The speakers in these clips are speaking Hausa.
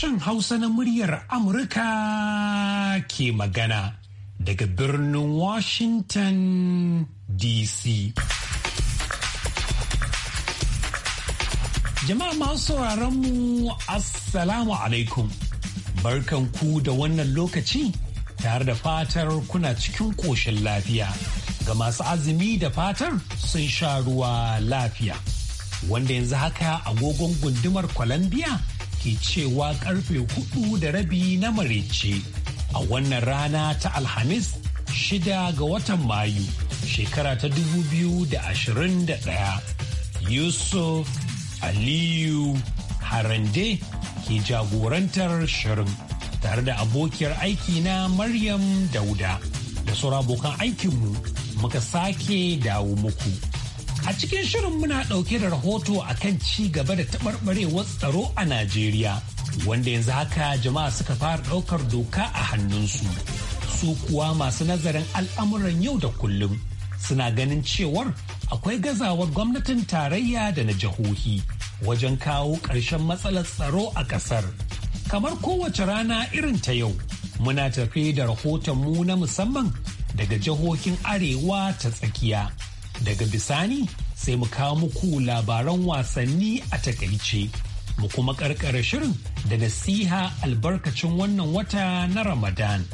sashen Hausa na muryar Amurka ke magana daga birnin Washington DC. Jama'a masu mu Assalamu alaikum. Barkan ku da wannan lokaci tare da fatar kuna cikin koshin lafiya. Ga masu azumi da fatar sun sha ruwa lafiya. Wanda yanzu haka agogon gundumar Colombia ke cewa karfe hudu da rabi na maraice a wannan rana ta Alhamis shida ga watan Mayu shekara ta dubu biyu da ashirin da ɗaya. Yusuf Aliyu Harande ke jagorantar shirin tare da abokiyar aiki na Maryam Dauda da sauran abokan aikinmu muka sake dawo muku. A cikin shirin muna ɗauke da rahoto a kan ci gaba da taɓarɓarewar tsaro a Najeriya, wanda yanzu haka jama'a suka fara ɗaukar doka a hannunsu. Su kuwa masu nazarin al'amuran yau da kullum suna ganin cewar akwai gazawar gwamnatin tarayya da na jihohi wajen kawo ƙarshen matsalar tsaro a ƙasar. Kamar kowace rana irin ta yau, muna tafe da rahoton mu na musamman daga jihohin Arewa ta tsakiya. Daga bisani sai mu kawo muku labaran wasanni a takaice. Mu kuma karkara shirin da nasiha albarkacin wannan wata na Ramadan.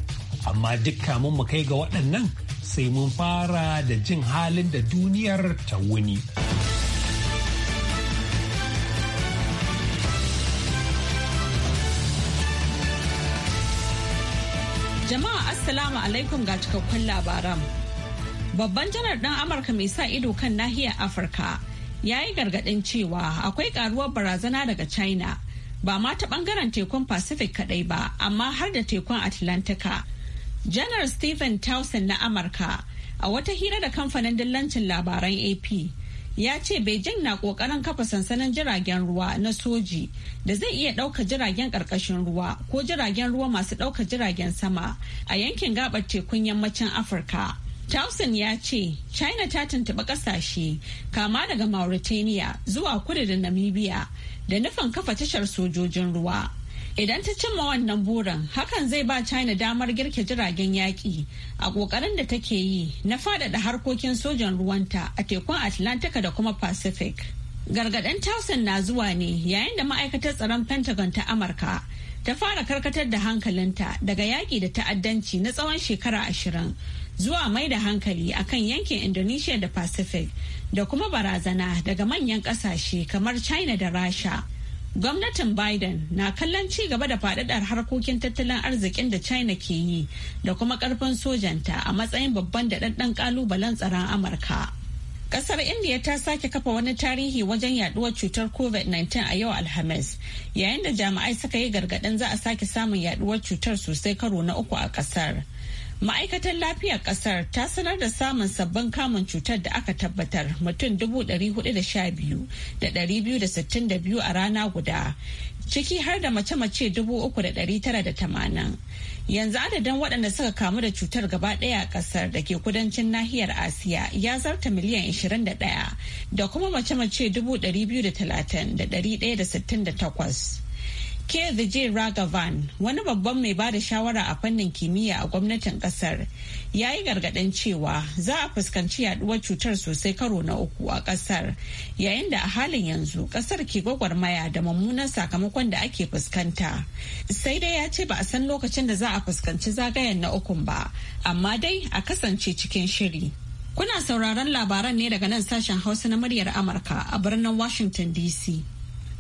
Amma dukka mun mu kai ga waɗannan sai mun fara da jin halin da duniyar ta wuni. Jama'a Assalamu alaikum ga cikakkun labaran. Babban janar ɗan Amurka mai sa ido kan nahiyar Afirka ya yi gargaɗin cewa akwai ƙaruwar barazana daga China ba ma ta ɓangaren tekun Pacific kaɗai ba amma har da tekun Atlantika. Janar Stephen Towson na Amurka a wata hira da kamfanin dillancin labaran AP ya ce Beijing na ƙoƙarin kafa sansanin jiragen ruwa na soji da zai iya ɗauka jiragen ƙarƙashin ruwa ko jiragen ruwa masu ɗauka jiragen sama a yankin gabar tekun yammacin Afirka. Towson ya ce China ta tuntuɓa ƙasashe kama daga Mauritania zuwa kudu da Namibia da nufin kafa tashar sojojin ruwa. Idan ta cimma wannan burin hakan zai ba China damar girke jiragen yaƙi a ƙoƙarin da take yi na faɗaɗa harkokin sojan ruwanta a tekun Atlantika da kuma Pacific. Gargaɗin Towson na zuwa ne yayin da ma'aikatar tsaron Pentagon ta Amurka ta fara karkatar da hankalinta daga yaƙi da ta'addanci na tsawon shekara ashirin. zuwa mai da hankali akan yankin indonesia da pacific da kuma barazana daga manyan kasashe kamar china da rasha gwamnatin biden na kallon ci gaba da faɗaɗar harkokin tattalin arzikin da china ke yi da kuma ƙarfin sojanta a matsayin babban daɗaɗɗen ƙalubalen tsaron amurka Kasar India ta sake kafa wani tarihi wajen yaduwar cutar COVID-19 a yau Alhamis, yayin da jami'ai suka yi gargaɗin za a sake samun yaduwar cutar sosai karo na uku a kasar. ma'aikatar lafiyar kasar ta sanar da samun sabbin kamun cutar da aka tabbatar mutum 412,262 a rana guda ciki har da mace-mace 3,980 yanzu adadin waɗanda suka kamu da cutar gaba ɗaya a ƙasar da ke kudancin nahiyar asiya ya zarta miliyan 21 da kuma mace-mace da takwas. K. Vijay Raghavan, wani babban mai bada shawara a fannin kimiyya a gwamnatin kasar, ya yi gargaɗin cewa za a fuskanci yaduwar cutar sosai karo na uku a kasar, yayin da a halin yanzu kasar ke gwagwarmaya da mummunan sakamakon da ake fuskanta. Sai dai ya ce ba a san lokacin da za a fuskanci zagayen na ukun ba, amma dai a kasance cikin shiri. Kuna sauraron labaran ne daga nan sashen Hausa na muryar Amurka a birnin Washington DC.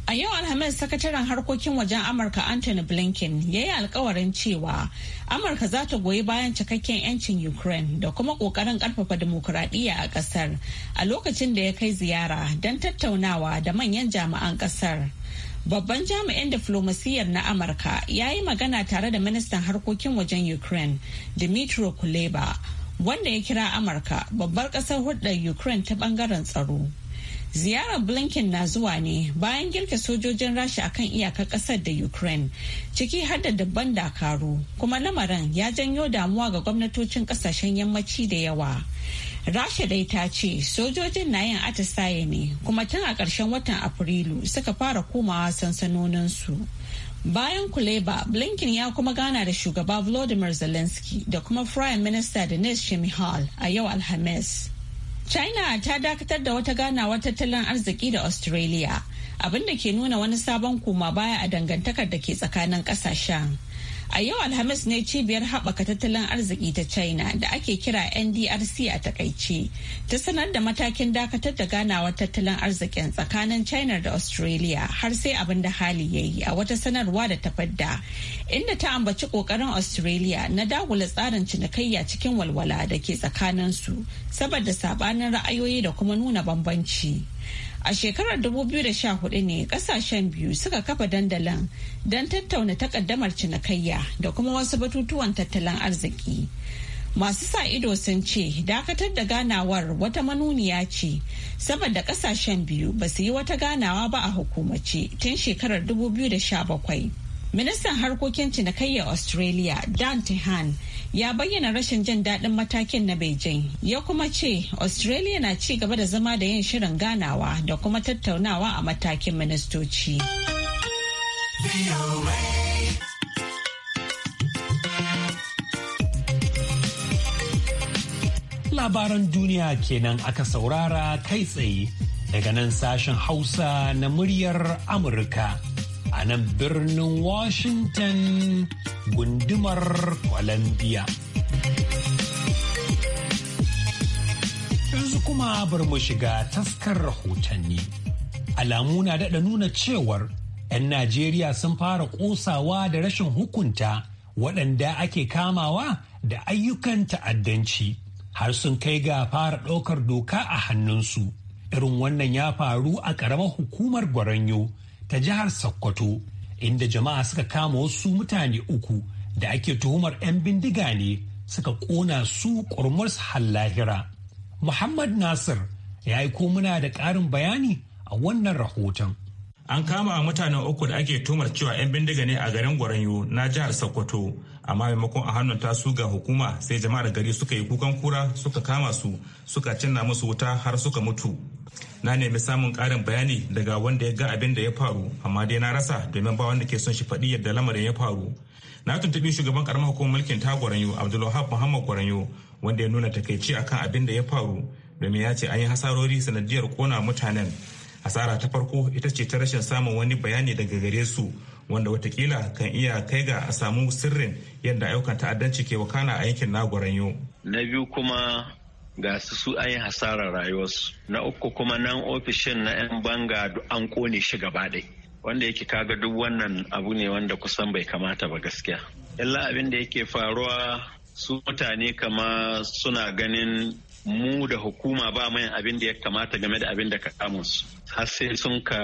A yau Alhamis sakataren harkokin wajen Amurka Anthony Blinken ya yi alkawarin cewa Amurka za ta goyi bayan cikakken 'yancin Ukraine da kuma ƙoƙarin ƙarfafa demokuraɗiyya a ƙasar a lokacin da ya kai ziyara don tattaunawa da manyan jami'an ƙasar. Babban jami'in diflomasiyyar na Amurka ya yi magana tare da ministan harkokin wajen Ukraine, Dmitry Kuleba, wanda ya kira Amurka babbar ƙasar hulɗar Ukraine ta ɓangaren tsaro. ziyarar blinken na zuwa ne bayan girka sojojin rasha akan iyakar ƙasar da ukraine ciki har da dabban dakaru kuma lamarin ya janyo damuwa ga gwamnatocin kasashen yammaci da yawa rasha dai ta ce sojojin na yin atisaye ne kuma tun a ƙarshen watan afrilu suka fara komawa sansanoninsu bayan kuleba blinken ya kuma gana da shugaba volodymyr zelensky da kuma prime minister denis shimihal a yau alhamis China ta dakatar da wata ganawar tattalin arziki da Australia, abin da ke nuna wani sabon koma baya a dangantakar da ke tsakanin kasashen. A yau Alhamis ne cibiyar haɓaka tattalin arziki ta China da ake kira NDRC a takaice ta sanar da matakin dakatar da ganawar tattalin arzikin tsakanin China da Australia har sai abin da hali ya yi a wata sanarwa da ta fadda inda ta ambaci ƙoƙarin Australia na dagula tsarin cinikayya cikin walwala da ke tsakaninsu saboda saɓanin ra'ayoyi da kuma nuna bambanci. A shekarar 2014 ne kasashen biyu suka kafa dandalin don tattauna takaddamar cinikayya da kuma wasu batutuwan tattalin arziki. Masu sa ido sun ce dakatar da ganawar wata manuniya ce saboda kasashen biyu ba su yi wata ganawa ba a hukumace tun shekarar 2017. Ministan harkokin cinikayya Australia Dan Tehan ya bayyana rashin jin daɗin matakin na Beijing ya kuma ce Australia na ci gaba da zama da yin shirin ganawa da kuma tattaunawa a matakin ministoci. Labaran duniya kenan aka saurara kai tsaye daga nan sashen Hausa na muryar Amurka. a nan birnin Washington gundumar Columbia. Yanzu kuma bar mu shiga taskar rahotanni. Alamu na daɗa nuna cewar 'yan Najeriya sun fara ƙosawa da rashin hukunta waɗanda ake kamawa da ayyukan ta'addanci har sun kai ga fara ɗaukar doka a hannunsu. Irin wannan ya faru a ƙaramar hukumar Gwaranyo. ta jihar Sokoto inda jama'a suka kama wasu mutane uku da ake tuhumar 'yan bindiga ne suka kona su ƙurmus hallahira. Muhammad Nasir ya yi muna da ƙarin bayani a wannan rahoton. An kama mutane uku da ake tumar cewa 'yan bindiga ne a garin Gwaranyo na jihar Sokoto. amma maimakon a hannun tasu ga hukuma sai jama'ar gari suka yi kukan kura suka kama su suka cinna musu wuta har suka mutu na nemi samun karin bayani daga wanda ya ga abin da ya faru amma dai na rasa domin ba wanda ke son shi faɗi yadda lamarin ya faru na tuntuɓi shugaban karamar hukumar mulkin ta gwaranyo abdulwahab muhammad gwaranyo wanda ya nuna takaici akan abin da ya faru domin ya ce an yi hasarori sanadiyar kona mutanen hasara ta farko ita ce ta rashin samun wani bayani daga gare su wanda watakila kan iya kai ga a samu sirrin yadda ayyukan ta'addanci ke wakana a yankin yau na biyu kuma ga su su an yi hasarar rayuwarsu na uku kuma nan ofishin na 'yan banga an kone shi gaba ɗai wanda yake kaga duk wannan abu ne wanda kusan bai kamata ba gaskiya illa abin da yake faruwa su mutane kama suna ganin mu da hukuma ba mai abin da ya kamata game da abin da ka samu su har sai sun ka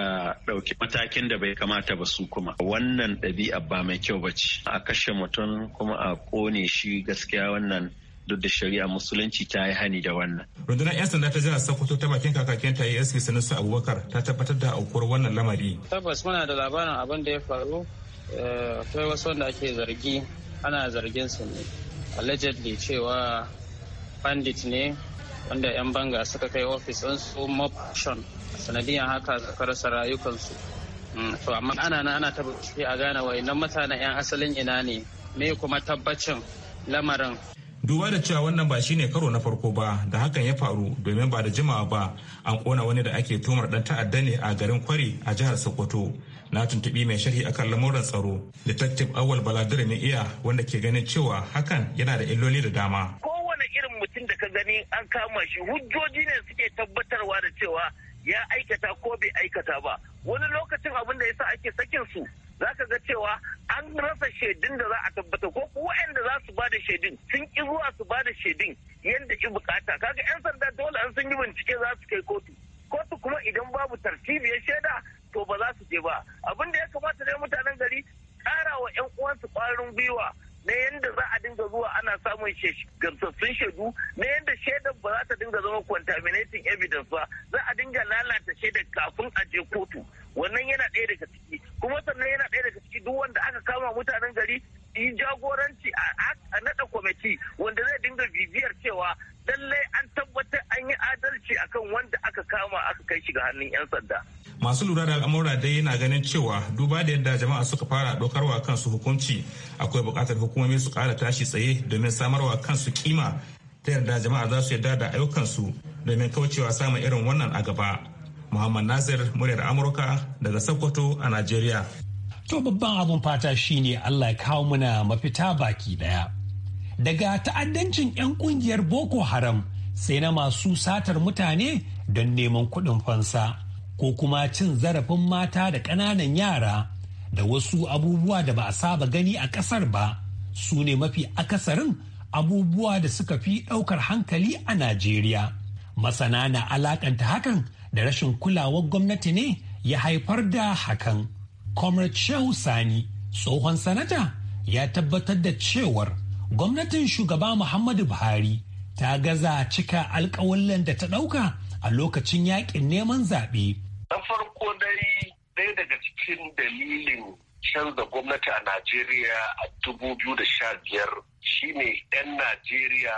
ɗauki matakin da bai kamata ba su kuma wannan ɗabi'a ba mai kyau ba ce a kashe mutum kuma a ƙone shi gaskiya wannan duk da shari'a musulunci ta yi hani da wannan. rundunar 'yan sanda ta jihar sokoto ta bakin kakakin ta asp sanusi abubakar ta tabbatar da aukuwar wannan lamari. tabbas muna da labarin abin da ya faru eh, akwai wasu wanda ake zargi ana zargin su ne allegedly cewa bandit ne wanda 'yan banga suka kai ofis su motion sanadiyan haka suka rasa rayukansu mm, to amma ana na ana ta a gane wayannan mutanen 'yan asalin ina ne me kuma tabbacin lamarin duba da cewa wannan ba shine karo na farko ba da hakan ya faru domin ba da jimawa ba an kona wani da ake tumar dan ta'adda ne a garin kwari a jihar sokoto na tuntubi mai sharhi akan lamuran tsaro detective awal baladir mai iya wanda ke ganin cewa hakan yana da illoli da dama lokacin da ka gani an kama shi hujjoji ne suke tabbatarwa da cewa ya aikata ko bai aikata ba wani lokacin abin da yasa ake sakin su za ka ga cewa an rasa shaidun da za a tabbata ko waɗanda za su ba da shaidun sun ki zuwa su ba da shaidun yadda ki bukata kaga 'yan sanda dole an sun yi bincike za su kai kotu kotu kuma idan babu tartibiyar shaida to ba za su je ba abin da ya kamata ne mutanen gari ƙara wa 'yan uwansu ƙwarin gwiwa na yadda za a dinga zuwa ana samun gamsassun shaidu na yadda shaidar ba za ta dinga zama contaminating evidence ba za a dinga lalata shaidar kafin a je kotu wannan yana ɗaya daga ciki kuma sannan yana ɗaya daga ciki duk wanda aka kama mutanen gari yi jagoranci a naɗa kwamiti wanda zai dinga bibiyar cewa lallai an tabbatar an yi adalci akan wanda aka kama aka kai shi ga hannun 'yan sanda. masu lura da al'amura dai yana ganin cewa duba da yadda jama'a suka fara ɗaukar wa kansu hukunci akwai buƙatar hukumomi su ƙara tashi tsaye domin samarwa kansu kima ta yadda jama'a za su yarda da ayyukansu domin kaucewa samun irin wannan a gaba muhammad nasir muryar amurka daga sokoto a najeriya to babban abun fata shine allah ya kawo muna mafita baki daya daga ta'addancin 'yan kungiyar boko haram sai na masu satar mutane don neman kuɗin fansa ko kuma cin zarafin mata da ƙananan yara da wasu abubuwa da ba a saba gani a ƙasar ba su ne mafi akasarin abubuwa da suka fi ɗaukar hankali a Najeriya. Masana na alakanta hakan da rashin kulawar gwamnati ne ya haifar da hakan. Comrade Shehu Sani, tsohon sanata, ya tabbatar da cewar gwamnatin shugaba Muhammadu Buhari ta gaza cika alkawallan da ta ɗauka a lokacin yakin neman zaɓe. Na farko dai ɗaya daga cikin dalilin canza gwamnati a Najeriya a 2015 shine 'yan Najeriya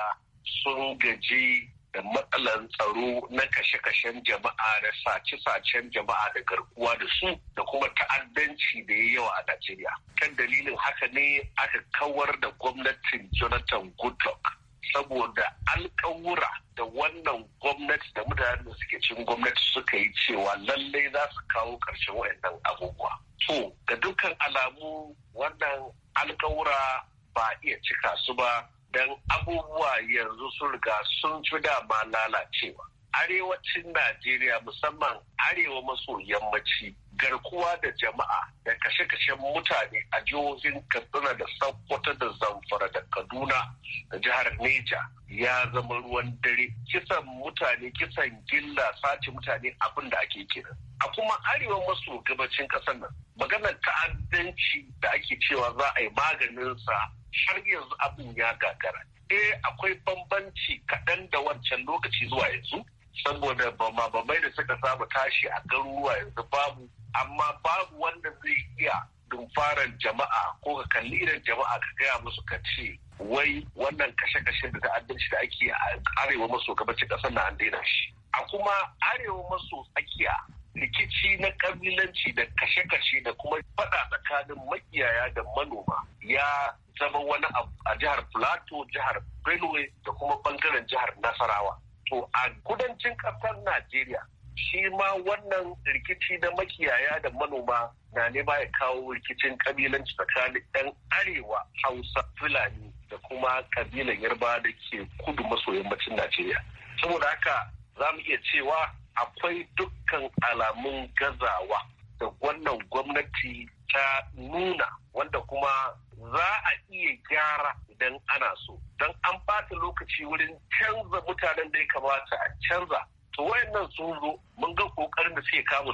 sun gaji da matsalan tsaro na kashe-kashen jama'a da sace-sacen jama'a da garkuwa da su da kuma ta'addanci da ya yawa a Najeriya. Kan dalilin haka ne aka kawar da gwamnatin Jonathan Goodluck saboda alkawura da wannan gwamnati da mutanen da suke cin gwamnati suka yi cewa lallai za su kawo ƙarshen wayannan abubuwa. To, ga dukkan alamu wannan alkawura ba iya cika su ba don abubuwa yanzu sun riga sun fi dama lalacewa. arewacin Najeriya musamman arewa maso yammaci garkuwa da jama'a da kashe-kashen mutane a jihohin Katsina da Sokoto da Zamfara da Kaduna da jihar Neja ya zama ruwan dare kisan mutane kisan gilla sace mutane abin da ake kira a kuma arewa maso gabacin ƙasar nan maganar ta'addanci da ake cewa za a yi maganinsa har yanzu abin ya gagara eh akwai bambanci kaɗan da wancan lokaci zuwa yanzu saboda bama-babai da suka saba tashi a garuruwa yanzu babu amma babu wanda zai iya dumfaran jama'a ko ka kalli irin jama'a ka gaya musu ka ce wai wannan kashe-kashe da ta'addanci da ake a arewa maso gabacin ƙasar na an daina shi a kuma arewa maso tsakiya rikici na kabilanci da kashe-kashe da kuma fada tsakanin makiyaya da manoma ya zama wani abu a jihar plateau jihar benue da kuma bangaren jihar nasarawa to a kudancin ƙasar najeriya shi ma wannan rikici na makiyaya da manoma na nema ya kawo rikicin kabilanci tsakanin 'yan arewa hausa fulani da kuma kabilan yarba da ke kudu maso yammacin najeriya saboda haka za mu iya cewa akwai dukkan alamun gazawa da wannan gwamnati ta nuna wanda kuma za a iya gyara idan ana so don an fata lokaci wurin canza mutanen da ya kamata a canza to wayannan sun zo mun ga kokarin da suke kama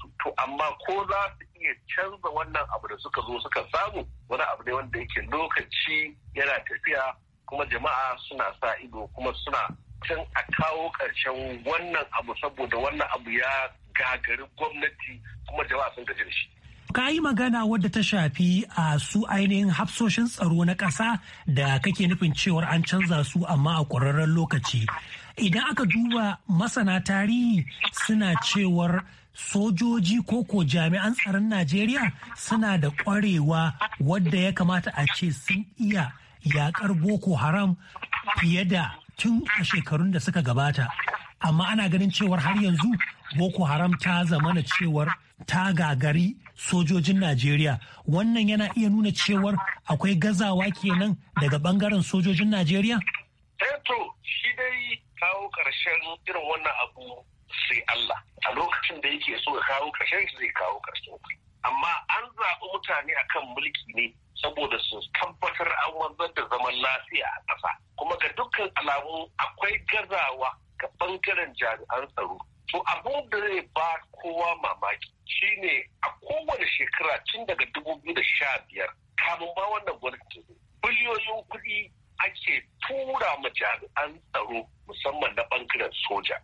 su to amma ko za su iya canza wannan abu da suka zo suka samu wani abu ne wanda yake lokaci yana tafiya kuma jama'a suna sa ido kuma suna can a kawo ƙarshen wannan abu saboda wannan abu ya gagari gwamnati kuma jama'a sun gaji da shi ka yi magana wadda ta shafi a su ainihin hafsoshin tsaro na ƙasa da kake nufin cewar an canza su amma a ƙwararren lokaci idan aka duba masana tarihi suna cewar sojoji ko ko jami'an tsaron najeriya suna da ƙwarewa wadda ya kamata a ce sun iya yaƙar boko haram fiye da tun a shekarun da suka gabata amma ana ganin cewar har yanzu boko haram ta zamana cewar ta gagari sojojin Najeriya wannan yana iya nuna cewar akwai gazawa kenan daga bangaren sojojin Najeriya? Eto eh shi dai kawo ƙarshen irin wannan abu sai Allah a lokacin da yake so ya kawo ƙarshen zai kawo karshen amma an zaɓi mutane a kan mulki ne saboda su tabbatar an wanzar da zaman lafiya a ƙasa kuma ga dukkan alamu akwai gazawa ga ɓangaren jami'an tsaro to abin da zai ba kowa mamaki shine a kowane shekara tun daga dubu biyu da sha biyar kamun ba wannan gwamnati biliyoyin kuɗi ake tura ma jami'an tsaro musamman na ɓangaren soja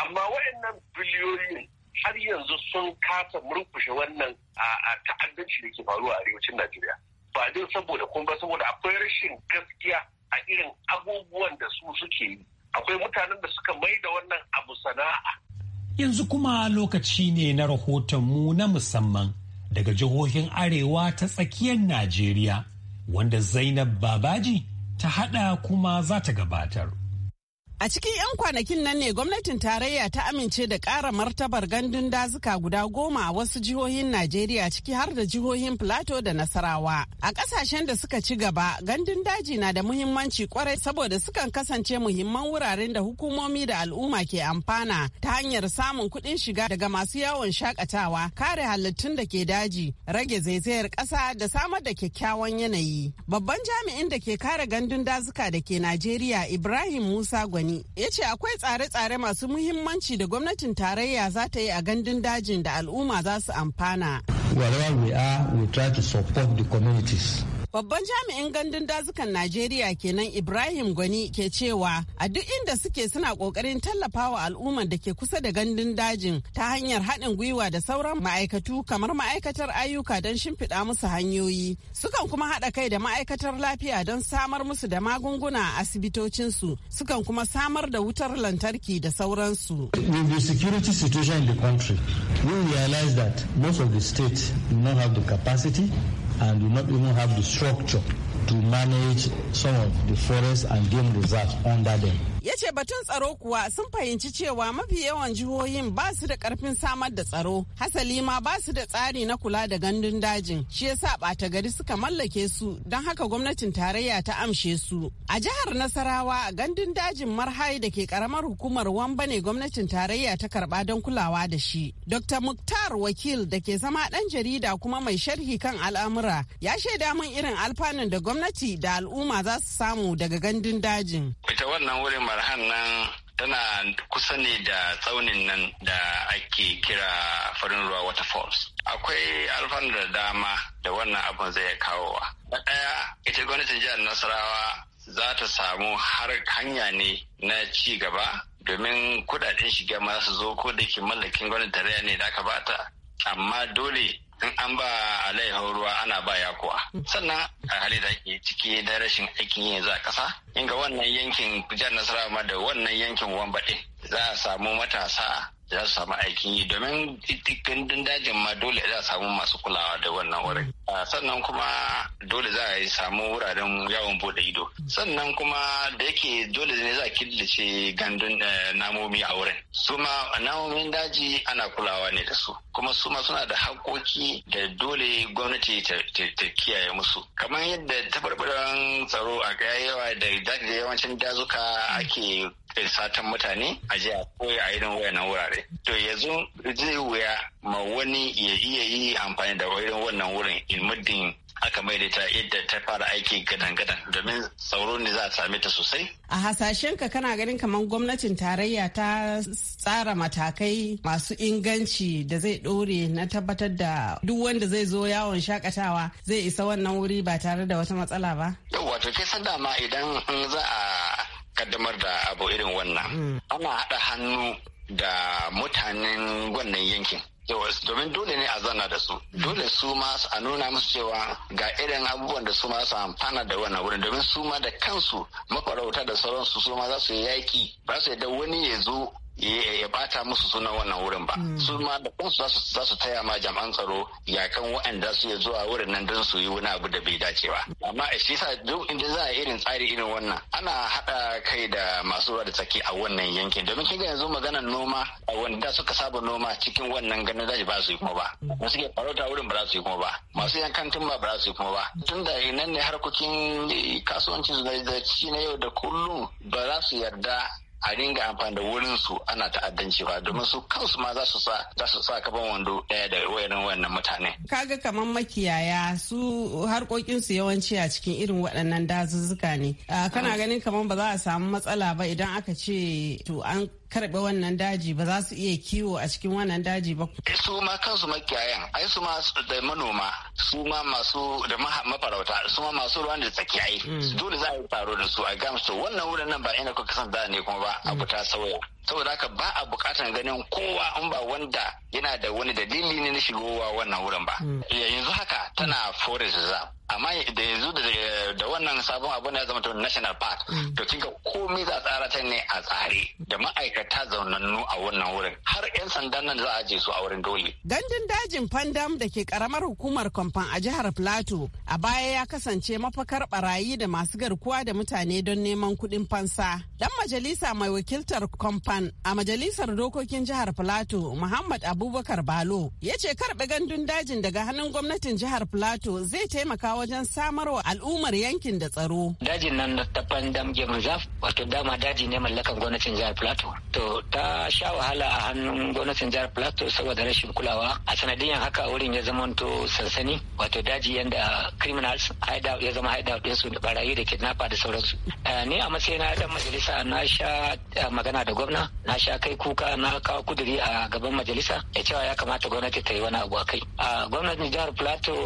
amma waɗannan biliyoyin har yanzu sun kasa murkushe wannan a ta'addanci da ke faruwa a arewacin najeriya ba dai saboda kuma saboda akwai rashin gaskiya a irin abubuwan da su suke yi akwai mutanen da suka mai da wannan abu sana'a Yanzu kuma lokaci ne na rahoton mu na musamman daga jihohin Arewa ta tsakiyar Najeriya, wanda Zainab Babaji ta haɗa kuma za ta gabatar. A cikin 'yan kwanakin nan ne gwamnatin tarayya ta amince da ƙara martabar gandun dazuka guda goma a wasu jihohin Najeriya ciki har da jihohin Filato da Nasarawa. A ƙasashen da suka ci gaba, gandun daji na da muhimmanci kwarai saboda sukan kasance muhimman wuraren da hukumomi da al'umma ke amfana ta hanyar samun kuɗin shiga daga masu yawon shakatawa, kare halittun da ke daji, rage zaizayar ƙasa da samar da kyakkyawan yanayi. Babban jami'in da ke kare gandun dazuka da ke Najeriya Ibrahim Musa Gwani gani ya ce akwai tsare-tsare masu muhimmanci da gwamnatin tarayya za ta yi a gandun dajin da al'umma za su amfana. Wherever we are, we to support the communities. Babban jami'in gandun dazukan Najeriya kenan Ibrahim Gwani ke cewa a duk inda suke suna kokarin tallafawa al'ummar da ke kusa da gandun dajin ta hanyar haɗin gwiwa da sauran ma'aikatu kamar ma'aikatar ayyuka don shimfiɗa musu hanyoyi. Sukan kuma haɗa kai da ma'aikatar lafiya don samar musu da magunguna a asibitocinsu. Sukan kuma samar da wutar lantarki da sauransu. With the security in the country, we realize that most of the states do not have the capacity and will not even have the structure to manage some of the forest and game reserves under them. ya ce batun tsaro kuwa sun fahimci cewa mafi yawan jihohin ba su da karfin samar da tsaro hasali ma ba su da tsari na kula da gandun dajin shi yasa bata gari suka mallake su don haka gwamnatin tarayya ta amshe su a jihar nasarawa gandun dajin marhai da ke karamar hukumar wamba ne gwamnatin tarayya ta karba don kulawa da shi dr muktar wakil da ke zama ɗan jarida kuma mai sharhi kan al'amura ya shaida min irin alfanun da gwamnati da al'umma za su samu daga gandun dajin wannan wurin arhan nan tana kusa ne da tsaunin nan da ake kira farin ruwa waterfalls akwai alfanu da dama da wannan abin zai kawowa na ɗaya ita gwamnatin jihar nasarawa za ta samu har hanya ne na ci gaba domin kudaden shiga ma su zo ko da ke mallakin gwamnatin tarayya ne da aka bata amma dole in an ba alaihau ruwa ana ba ya kuwa. sannan a hali da ke ciki da rashin aikin yin a ƙasa inga wannan yankin jihar nasarawa ma da wannan yankin wambaɗe za a samu matasa za su samu aikin yi domin gandun dajin ma dole za a samu masu kulawa da wannan wurin mm. ah, sannan kuma dole za a samu wuraren yawon bude ido mm. sannan kuma da yake dole ne za a killace gandun eh, namomi a wurin su ma namomin daji ana kulawa ne da su kuma su ma suna da haƙoƙi da dole gwamnati ta kiyaye musu kamar yadda tabarbaran tsaro a yawa da yawancin dazuka ake ake satan mutane a je a koya a irin wayannan wurare to yanzu zai wuya ma wani ya iya yi amfani da irin wannan wurin in muddin aka maida ta yadda ta fara aiki gadan-gadan domin sauro ne za a same ta sosai. A hasashen ka kana ganin kamar gwamnatin tarayya ta tsara matakai masu inganci da zai ɗore na tabbatar da duk wanda zai zo yawon shakatawa zai isa wannan wuri ba tare da wata matsala ba? Yau wato ke san dama idan za a kaddamar da abu irin wannan hmm. ana haɗa hannu da mutanen wannan yankin domin dole ne a zana da su hmm. dole su ma a nuna musu cewa ga irin abubuwan da su ma su amfana da wannan wurin domin su ma da kansu makwarauta da sauransu su ma za su yi yaki ba su da wani ya zo ya bata musu sunan wannan wurin ba hmm. su ma da kansu za su taya ma jami'an tsaro yakan waanda su ya zuwa wurin nan don su yi wani abu da bai dace ba amma shi sa duk inda za a irin tsari irin wannan ana haɗa kai da masu ruwa da tsaki a wannan yankin domin ga yanzu maganar noma A wanda suka saba noma cikin wannan ganin daji ba su yi kuma ba hmm. wasu suke farauta wurin ba za su yi kuma ba masu yankan tun ba za su yi kuma ba tun da nan ne harkokin kasuwancin su da ci na yau da kullum ba za su yarda a ringa amfani da wurin su ana ta'addanci ba domin su kansu ma za su sa za su sa kaban wando ɗaya da wayannan wayannan mutane kaga kamar makiyaya su harkokin su yawanci a cikin irin waɗannan dazuzzuka ne kana ah. ganin kamar ba za a samu matsala ba idan aka ce to an karbe wannan daji ba za su iya kiwo a cikin wannan daji ba. su ma kansu makiyayan ai su ma da manoma su ma masu da mafarauta su ma masu ruwan da tsakiyayi mm. dole za a yi faro da su a gamsu wannan wurin nan ba ina kuka san da ne kuma ba a fita sauya. saboda haka ba a bukatan ganin kowa in ba wanda yana da wani dalili ne na shigowa wannan wurin ba hmm. yanzu haka tana forest reserve amma da yanzu da wannan sabon abun ya zama national park hmm. to kinga komai za a tsara ta ne a tsare da ma'aikata zaunannu a wannan wurin har 'yan sandan nan za a je su a wurin dole gandun dajin Fandam, da ke karamar hukumar kwamfan a jihar plateau a baya ya kasance mafakar barayi da masu garkuwa da mutane don neman kuɗin fansa dan majalisa mai wakiltar kwamfan Usman a majalisar dokokin jihar Filato Muhammad Abubakar Balo ya ce karɓe gandun dajin daga hannun gwamnatin jihar Filato zai taimaka wajen samarwa al'ummar yankin da tsaro. Dajin nan da tafan damge wato dama daji ne mallakan gwamnatin jihar Filato. To ta sha wahala a hannun gwamnatin jihar Filato saboda rashin kulawa a sanadiyan haka wurin ya to sansani wato daji yanda criminals hideout ya zama hideout ɗinsu da barayi da kidnapper da sauransu. Eh, ni a matsayina dan majalisa na sha eh, magana da gwamna na sha kai kuka na kawo kuduri a gaban majalisa ya cewa ya kamata gwamnati ta yi wani abu a kai a gwamnatin jihar plateau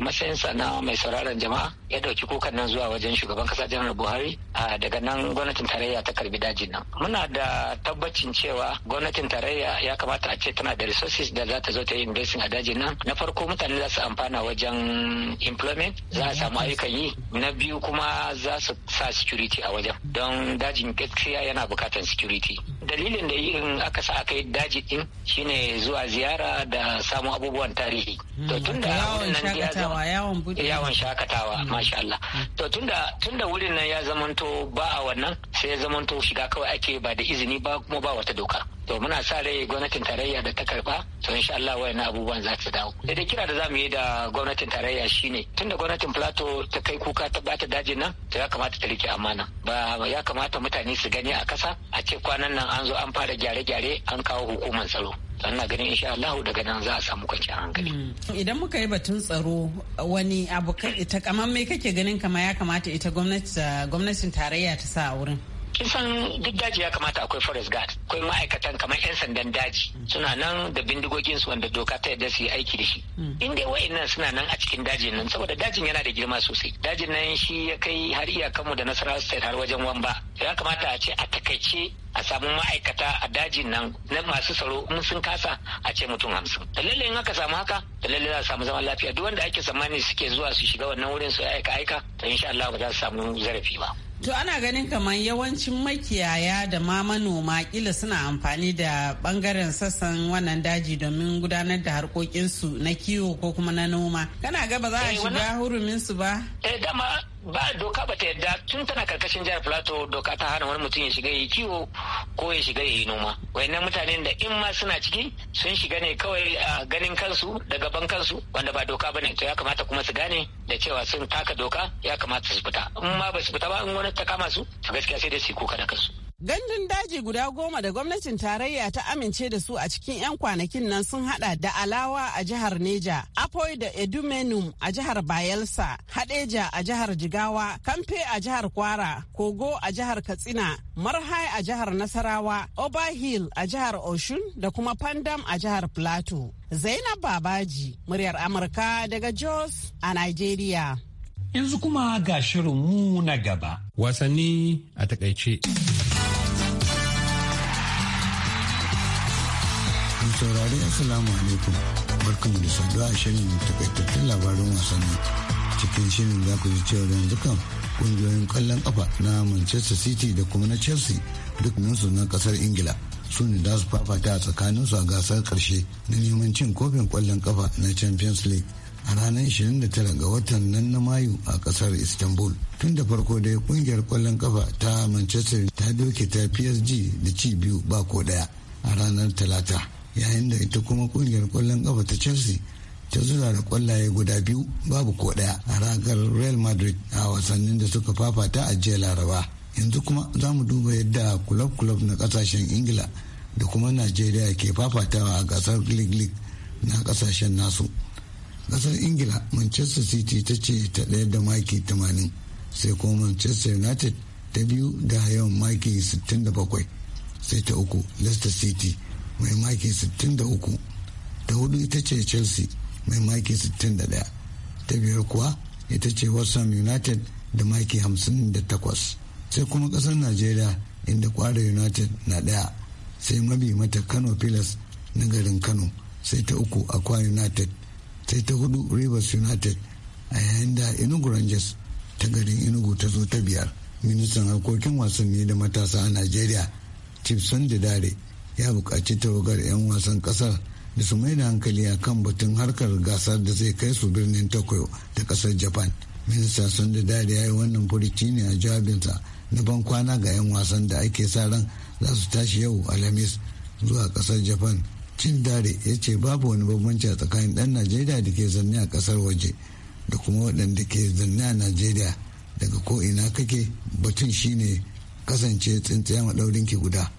matsayinsa na mai sauraron jama'a ya dauki kukan nan zuwa wajen shugaban kasa janar buhari daga nan gwamnatin tarayya ta karbi dajin nan muna da tabbacin cewa gwamnatin tarayya ya kamata a ce tana da resources da za ta zo ta yi investing a dajin nan na farko mutane za su amfana wajen employment za a samu ayyukan yi na biyu kuma za su sa security a wajen don dajin gaskiya yana bukatan security dalilin da irin aka sa aka yi daji din shine zuwa ziyara da samun abubuwan tarihi hmm, to tunda yawon shakatawa yawon bude yawon shakatawa hmm. masha Allah hmm. to tunda tunda wurin nan ya zamanto ba a wannan sai ya zamanto shiga kawai ake ba da izini ba kuma ba wata doka to muna sa rai gwamnatin tarayya da ta karba to insha Allah wayannan abubuwan za su dawo da kira da zamu yi da gwamnatin tarayya shine tunda gwamnatin plato ta kai kuka ta bata dajin nan to ya kamata ta rike amana ba ya kamata mutane su gani a kasa a ce kwanan kwanan nan an zo an fara gyare-gyare an kawo hukumar tsaro sannan ganin insha Allah daga nan za a samu kwanciyar hankali. Hmm. Idan muka yi batun tsaro wani abu ita kamar me kake ganin kama ya kamata ita gwamnatin tarayya ta sa a wurin? Kin san duk daji ya kamata akwai forest guard akwai ma'aikatan kamar 'yan sandan daji suna nan da bindigogin su wanda doka ta yadda su yi aiki da shi hmm. inda dai wa'annan suna nan a cikin dajin nan saboda dajin yana da girma sosai dajin nan shi ya kai har iyakanmu da nasara state har wajen wamba ya kamata a ce a takaice a samu ma'aikata a dajin nan na masu tsaro mun sun kasa a ce mutum hamsin da lalle in aka samu haka da lalle za a samu zaman lafiya duk wanda ake tsammani suke zuwa su shiga wannan wurin su aika aika to insha Allah ba za su samu zarafi ba To ana ganin kamar yawancin makiyaya da ma manoma kila suna amfani da bangaren sassan wannan daji domin gudanar da harkokinsu na kiwo ko kuma na noma. Kana ga ba za a eh, shiga hurumin ba? Eh dama ba doka ba yadda tun tana karkashin jihar plateau doka ta hana wani mutum ya shiga yi kiwo ko ya shiga yi noma wayannan mutane da in ma suna ciki sun shiga ne kawai a ganin kansu da gaban kansu wanda ba doka bane to ya kamata kuma su gane da cewa sun taka doka ya kamata su fita in ma ba su fita ba in wani ta kama su to gaskiya sai dai su kuka da kansu Gandun daji guda goma da gwamnatin tarayya ta amince da su a cikin 'yan kwanakin nan sun hada da Alawa a jihar Neja, Apoi da Edumenum a jihar Bayelsa, Hadeja a jihar Jigawa, Kamfe a jihar Kwara, Kogo a jihar Katsina, Marhai a jihar Nasarawa, oberhill a jihar Oshun da kuma Pandam a jihar Plateau. Zainab Babaji, muryar Amurka daga Jos a Nigeria. Yanzu kuma ga shirinmu na gaba. Wasanni a takaice. saurari Assalamu alaikum barkan da saduwa a shirin takaitattun labarin wasanni cikin shirin za ku ji cewa yanzu kan kungiyoyin kwallon kafa na Manchester City da kuma na Chelsea duk nan na kasar Ingila su ne za su fafata a tsakaninsu a gasar ƙarshe na neman cin kofin kwallon kafa na Champions League a ranar 29 ga watan nan na mayu a kasar istanbul tun da farko dai kungiyar kwallon kafa ta manchester ta doke ta psg da ci biyu ba ko daya a ranar talata yayin da ita kuma kungiyar kwallon kafa ta chelsea ta zura da kwallaye guda biyu babu ko daya a ragar real madrid a wasannin da suka fafata a jiya laraba yanzu kuma za mu duba yadda kulob-kulob na kasashen ingila da kuma najeriya ke fafatawa a gasar league league na kasashen nasu kasar ingila manchester city ta ce ta ɗaya da maki 80 sai kuma manchester united ta biyu da yawan maki 67 sai ta uku leicester city mai maki 63 ta hudu ita ce chelsea mai maki 61 ta biyar kuwa ita ce wasan united da maki 58 sai kuma kasar nigeria inda kwara united na ɗaya sai mabi mata kano pilas na garin kano sai ta uku a akwa united ta ta hudu rivers united a yayin da inugu rangers ta garin inugu ta zo ta biyar ministan harkokin wasanni da matasa a nigeria chief da dare ya buƙaci tawagar 'yan wasan ƙasar da su mai da hankali a kan batun harkar gasar da zai kai su birnin tokyo da ƙasar japan minista sun dare ya yi wannan furici ne a jawabinsa na ban kwana ga 'yan wasan da ake sa ran za su tashi yau alhamis zuwa ƙasar japan cin dare ya ce babu wani bambanci a tsakanin ɗan najeriya da ke zanne a ƙasar waje da kuma waɗanda ke zanne a najeriya daga ko ina kake batun shine kasance tsintsiya maɗaurin ki guda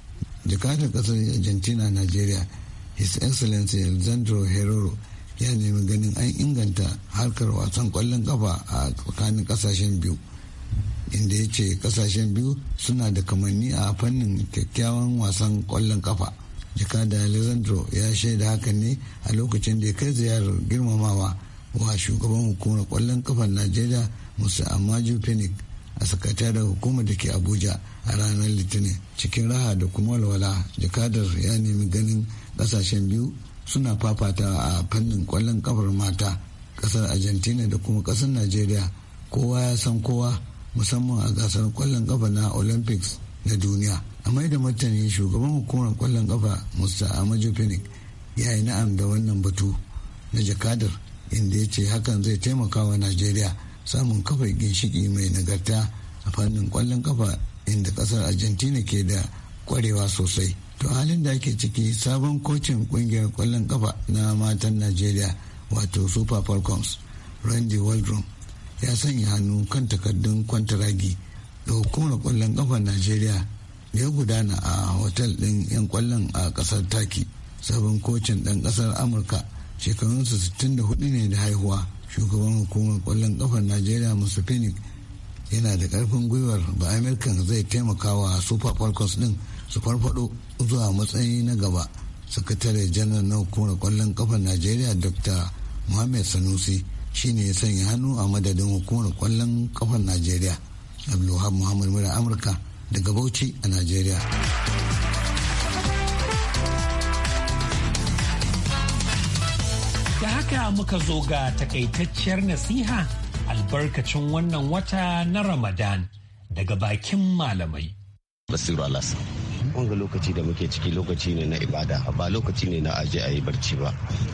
jakadar ƙasar argentina najeriya his excellency alexandro herrero ya nemi ganin an inganta harkar wasan kwallon ƙafa a tsakanin ƙasashen biyu inda ya ce ƙasashen biyu suna da kamanni a fannin kyakkyawan wasan ƙwallon ƙafa da alessandro ya shaida hakan ne a lokacin da ya kai ziyarar girmamawa wa shugaban hukumar kwallon kafar najeriya musa amaju phoenix a sakataren hukumar da ke abuja a ranar litinin cikin raha da kuma walwala jakadar ya nemi ganin kasashen biyu suna fafata a fannin kwallon kafar mata kasar argentina da kuma kasar najeriya kowa ya san kowa musamman a gasar kwallon kafa na olympics na duniya a mai da martani shugaban hukumar kwallon kafa musta amaju phoenix ya yi na'am da wannan batu na jakadar inda ya ce hakan zai taimaka wa najeriya samun kafa ginshiki mai nagarta a fannin kwallon kafa inda kasar argentina ke da kwarewa sosai to halin da ake ciki sabon kocin kungiyar kwallon kafa na matan najeriya wato super falcons randy waldron ya sanya hannu kan takardun kwantaragi da hukumar kwallon kafar najeriya da ya gudana a hotel ɗin 'yan kwallon a ƙasar taki sabon kocin dan ƙasar amurka sittin da hudu ne da haihuwa shugaban hukumar kwallon kafar najeriya musu phoenix yana da karfin gwiwar ba american zai taimakawa wa super falcons din su farfado zuwa matsayi na gaba sakatare janar na hukumar kwallon kafar najeriya dr mohammed sanusi shine ya sanya hannu a madadin hukumar kwallon kafar najeriya abdulwahab muhammad mura amurka daga bauchi a najeriya da haka muka zo ga takaitacciyar nasiha albarkacin wannan wata na ramadan daga bakin malamai basiru alasa wanga lokaci da muke ciki lokaci ne na ibada ba lokaci ne na aje a yi barci ba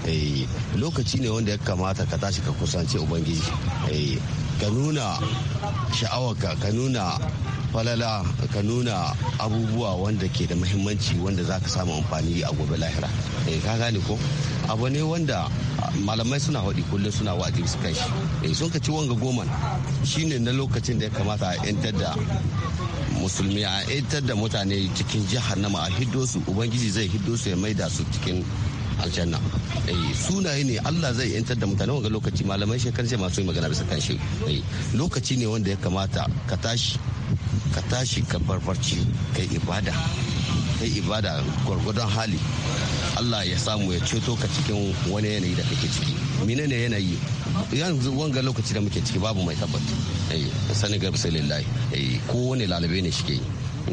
eh, lokaci ne wanda ya kamata ka tashi ka kusance ubangiji eh, ka nuna sha'awarka ka nuna falala ka nuna abubuwa wanda ke da muhimmanci wanda za ka samu amfani a gobe lahira eh, ka gane ko abu ne wanda malamai suna haɗi kullum suna wa'adi su kai shi eh, sun ka ci wanga goman shine na lokacin da ya kamata a 'yantar da musulmi a 'yantar da mutane cikin jihar nama a hiddo ubangiji zai hiddo ya maida su cikin aljanna eh, sunaye ne Allah zai yantar da mutane wanga lokaci malamai shekaru sai masu magana bisa kan shi eh, lokaci ne wanda ya kamata ka tashi ka tashi ka barbarci kai ibada kai ibada gwargwadon hali Allah ya samu ya ceto ka cikin wani yanayi da kake ciki menene yanayi yanzu wanga lokaci da muke ciki babu mai tabbata eh sani ga sai lillahi eh ko wani lalabe ne shike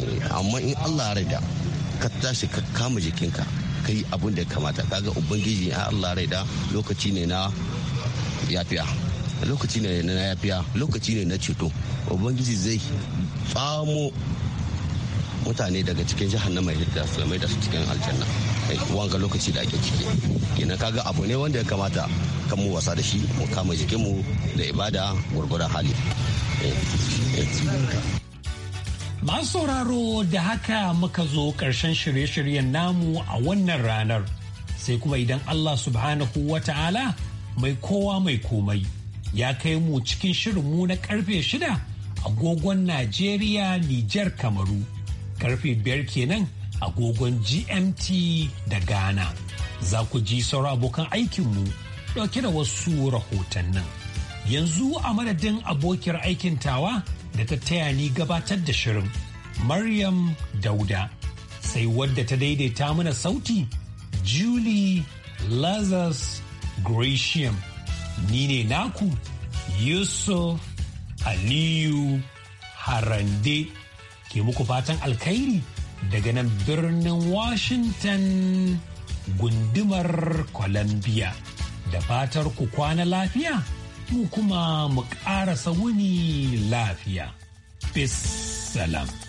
eh, amma in Allah ya rida ka tashi ka kama jikinka kai abin da ya kamata kaga ubangiji ya allah rai da lokaci ne na yafiya lokaci ne na yafiya lokaci ne na ceto ubangiji zai tsamo mutane daga cikin jahannama da mai da su cikin aljanna wanga lokaci da ake ciki kenan kaga abu ne wanda ya kamata kan mu wasa da shi mu kama jikinmu da ibada gurgurar hali eh, eh. Masu sauraro da haka muka zo ƙarshen shirye-shiryen namu a wannan ranar. Sai kuma idan Allah subhanahu wa ta'ala mai kowa mai komai ya kai mu cikin shirinmu na karfe shida agogon Najeriya Nijar Kamaru. Karfe biyar kenan agogon GMT da Ghana. Za ku ji sauran abokan aikinmu ɗauke da wasu rahotannin. Yanzu a madadin abokiyar aikintawa? da ta taya ni gabatar da shirin Maryam Dauda sai wadda ta daidaita mana sauti Julie Lazarus Gratium ni ne naku Yusuf Aliyu Harande ke muku fatan alkhairi daga nan birnin Washington gundumar Columbia da fatar ku kwana lafiya mu kuma mu ƙara wuni lafiya. Peace salam.